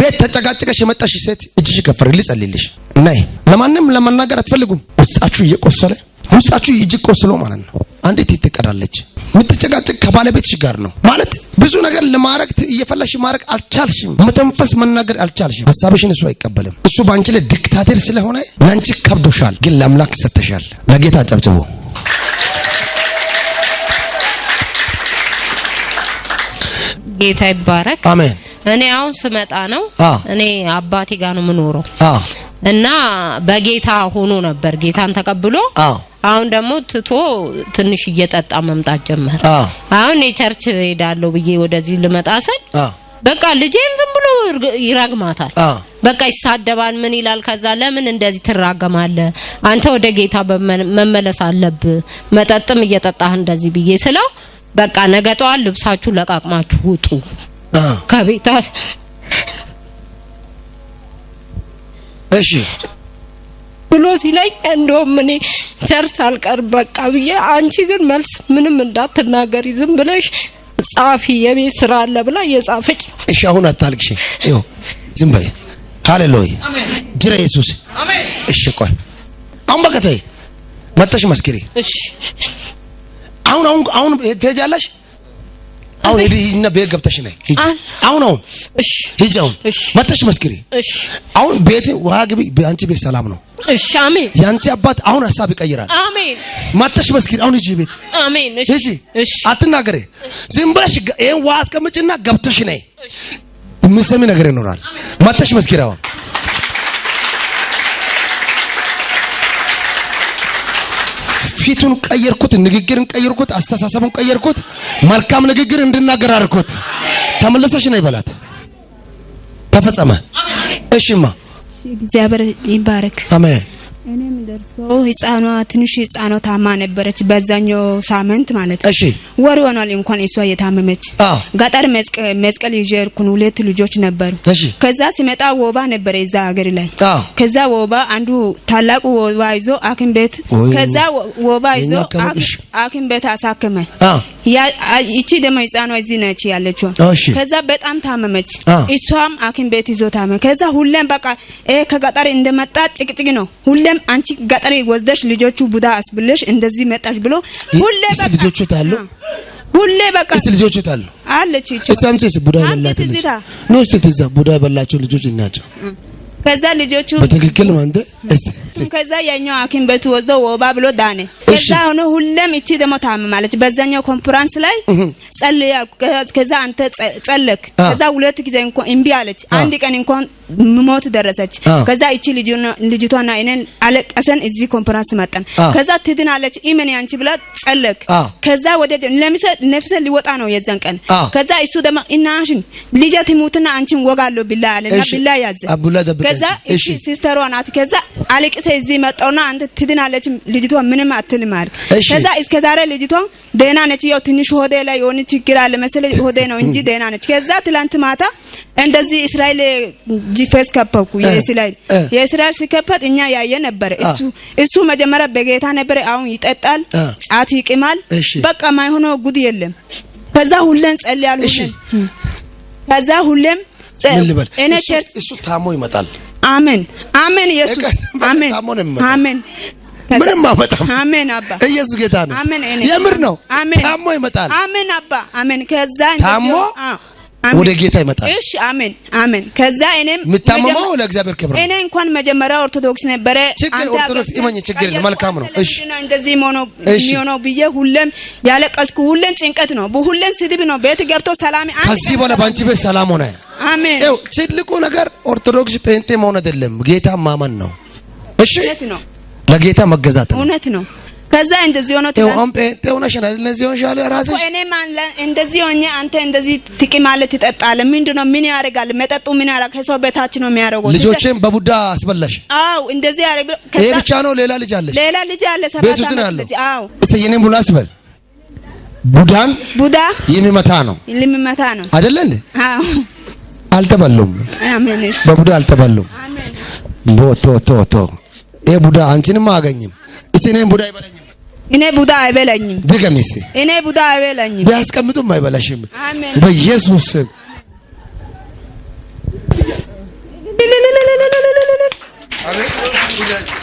ቤት ተጨቃጭቀሽ የመጣሽ ሴት እጅሽ ከፈር ልጸልልሽ። ነይ ለማንም ለመናገር አትፈልጉም። ውስጣችሁ እየቆሰለ ውስጣችሁ እጅግ ቆስሎ ማለት ነው። አንዴት ትቀዳለች። የምትጨቃጭቅ ከባለቤትሽ ጋር ነው ማለት ብዙ ነገር ለማድረግ እየፈለሽ ማድረግ አልቻልሽም። መተንፈስ መናገር አልቻልሽም። ሀሳብሽን እሱ አይቀበልም። እሱ በአንቺ ላይ ዲክታቴር ስለሆነ ለአንቺ ከብዶሻል፣ ግን ለአምላክ ሰተሻል። ለጌታ አጨብጭቦ ጌታ ይባረክ። አሜን። እኔ አሁን ስመጣ ነው። እኔ አባቴ ጋር ነው የምኖረው እና በጌታ ሆኖ ነበር ጌታን ተቀብሎ አሁን ደግሞ ትቶ ትንሽ እየጠጣ መምጣት ጀመረ። አሁን የቸርች ሄዳለሁ ብዬ ወደዚህ ልመጣ ስል በቃ ልጄን ዝም ብሎ ይረግማታል። በቃ ይሳደባል። ምን ይላል? ከዛ ለምን እንደዚህ ትራገማለ አንተ ወደ ጌታ መመለስ አለብ መጠጥም እየጠጣህ እንደዚህ ብዬ ስለው በቃ ነገጠዋል። ልብሳችሁ ለቃቅማችሁ ውጡ ከቤታ እሺ ብሎ ሲለኝ እንደውም እኔ ቸርች በቃ ብዬ፣ አንቺ ግን መልስ ምንም እንዳትናገሪ ዝም ብለሽ ጻፊ፣ የቤት ስራ አለ ብላ የጻፈች። እሺ አሁን አታልቅሽ፣ ይኸው ዝም በይ። ሃሌሉያ ጅረ ኢየሱስ። እሺ ቆይ አሁን በቃ ተይ መስክሪ። እሺ አሁን አሁን አሁን ትሄጃለሽ አሁን ሂጂና ቤት ገብተሽ ነይ። ሂጂ አሁን አሁን ሂጂ አሁን መጥተሽ መስክሪ። አሁን ቤት ውሃ ግቢ። አንቺ ቤት ሰላም ነው። እሺ አሜን። ያንቺ አባት አሁን ሀሳብ ይቀይራል። አሜን። መጥተሽ መስክሪ አሁን። ሂጂ ቤት። አሜን። እሺ እሺ፣ አትናገሪ። ዝም ብለሽ ይሄን ውሃ አስቀምጪና ገብተሽ ነይ። ምን ነገር ይኖራል። መጥተሽ መስክሪ አሁን ፊቱን ቀየርኩት፣ ንግግርን ቀየርኩት፣ አስተሳሰቡን ቀየርኩት፣ መልካም ንግግር እንድናገር አድርኩት። ተመለሰሽ ነው ይበላት። ተፈጸመ። እሺማ፣ እግዚአብሔር ይባረክ። አሜን። ደርሶ ህጻኗ ትንሽ ህጻኗ ታማ ነበረች፣ በዛኛው ሳምንት ማለት እሺ ወር ሆኗል እንኳን እሷ የታመመች። ገጠር መስቀል ይዤ ሁለት ልጆች ነበሩ። ከዛ ሲመጣ ወባ ነበረ እዛ ሀገር ላይ። ከዛ ወባ አንዱ ታላቁ ወባ ይዞ ሐኪም ቤት ከዛ ወባ ይዞ ሐኪም ቤት አሳከመ። ይቺ ደግሞ ህፃኗ እዚህ ነች ያለችው። ከዛ በጣም ታመመች። እሷም ሐኪም ቤት ይዞ ታመ። ከዛ ሁሌም በቃ ከገጠር እንደመጣ ጭቅጭቅ ነው። ሁሌም አንቺ ገጠር ወስደሽ ልጆቹ ቡዳ አስብለሽ እንደዚህ መጣሽ ብሎ ሁሌ በቃ ልጆቹ ታሉ ሁሌ በቃ እስቲ ልጆቹ ታሉ አለች። እቺ እሷም እሳምጪስ ቡዳ በላትልሽ ነው። እስቲ ትዛ ቡዳ በላቸው ልጆች እናቸው። ከዛ ልጆቹ በትክክል ማንተ እስቲ ምክንያቱም ከዛ ያኛው ሐኪም ቤቱ ወስዶ ወባ ብሎ ዳነ። ከዛ ሆኖ ሁሌም እቺ ደግሞ ታምማለች በዛኛው ኮንፈረንስ ላይ ጸልያል። ከዛ አንተ ጸለክ። ከዛ ሁለት ጊዜ እንኳን እምቢ አለች። አንድ ቀን እንኳን ሞት ደረሰች። ከዛ እቺ ልጅቷና እኔን አለቀሰን። እዚህ ኮንፈረንስ መጣን። ከዛ ትድናለች ኢመን ያንቺ ብላ ጸለክ። ከዛ ወደ ለምሰ ነፍሰ ሊወጣ ነው የዛን ቀን። ከዛ እሱ ደማ እናሽን ልጄ ትሙትና አንቺን ወጋለሁ ብላ አለና ቢላ ያዘ። ከዛ እሺ ሲስተሯ ናት። ከዛ አለቅሰ እዚህ መጣውና አንተ ትድናለች ልጅቷ ምንም አትልም አልክ። ከዛ እስከ ዛሬ ልጅቷ ደህና ነች። ያው ትንሽ ሆዴ ላይ የሆነ ችግር አለ መሰለኝ ሆዴ ነው እንጂ ደህና ነች። ከዛ ትላንት ማታ እንደዚህ እስራኤል ጂፒኤስ ከበብኩ የእስራኤል የእስራኤል ሲከፈት እኛ ያየ ነበረ። እሱ እሱ መጀመሪያ በጌታ ነበረ። አሁን ይጠጣል፣ ጫት ይቅማል። በቃ ማይሆነ ጉድ የለም። ከዛ ሁሌም ጸልያል። ሁሌም ከዛ ሁሌም እኔ ቸርች እሱ ታሞ ይመጣል። አሜን አሜን፣ ኢየሱስ አሜን ምንም አመጣም። አሜን አባ ኢየሱስ ጌታ ነው። አሜን የምር ነው። ታሞ ይመጣል። አሜን አባ አሜን ከዛ ታሞ ወደ ጌታ ይመጣል። እሺ፣ አሜን፣ አሜን። ከዛ እኔም የምታመመው ለእግዚአብሔር ክብር እኔ እንኳን መጀመሪያ ኦርቶዶክስ ነበረ። ችግር ኦርቶዶክስ ይመኝ ችግር ነው፣ መልካም ነው። እሺ፣ እንደዚህ ሆኖ የሚሆነው ብዬ ሁሌም ያለቀስኩ፣ ሁሌም ጭንቀት ነው፣ ሁሌም ስድብ ነው። ቤት ገብቶ ሰላም። አንተ ከዚህ በኋላ ባንቺ ቤት ሰላም ሆነ። አሜን። ይኸው ትልቁ ነገር ኦርቶዶክስ ጴንጤ መሆን አይደለም፣ ጌታ ማመን ነው። እሺ፣ ለጌታ መገዛት ነው። እውነት ነው። ከዛ እንደዚህ ሆኖ ሆነሻል። እንደዚህ ሆነሻል። ራስሽ እኔም እንደዚህ ሆኜ አንተ እንደዚህ ትቂ ማለት ትጠጣለህ። ምንድነው? ምን ያደርጋል? መጠጡ ምን ያደርጋል? ከሰው በታች ነው የሚያደርገው። ልጆችን በቡዳ አስበላሽ። አዎ፣ እንደዚህ ያደርግ። ይሄ ብቻ ነው? ሌላ ልጅ አለሽ? ሌላ ልጅ አለ። ሰባት ዓመት። አዎ። እስቲ የኔን ቡላ አስበል። ቡዳን ቡዳ የሚመታ ነው የሚመታ ነው እንዴ? አዎ። አልተበሉም። አሜን። በቡዳ አልተበሉም። ቶ ቶ ይሄ ቡዳ አንቺንም አያገኝም። እስቲ እኔን ቡዳ ይበለኝ። እኔ ቡዳ አይበላኝም። ድገም እስቲ። እኔ ቡዳ አይበላኝም። ቢያስቀምጡም አይበላሽም። አሜን። በኢየሱስ ስም አሜን።